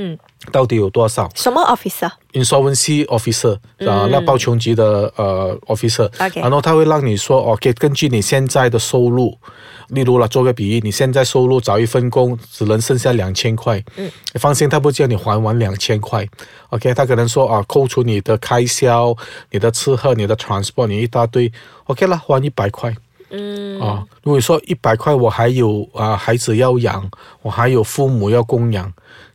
嗯，到底有多少？什麼 officer？Insolvency officer 啊、嗯，那、呃、報窮級的誒、呃嗯、，officer，、okay. 然後他會讓你說哦，okay, 根據你現在的收入，例如啦，做個比喻，你現在收入找一份工，只能剩下兩千塊，嗯，你放心，他不叫你還完兩千塊，OK，他可能說啊，扣除你的開銷、你的吃喝、你的 transport，你一大堆，OK 啦，還一百塊，嗯，啊，如果說一百塊我還有啊，孩子要養，我還有父母要供養。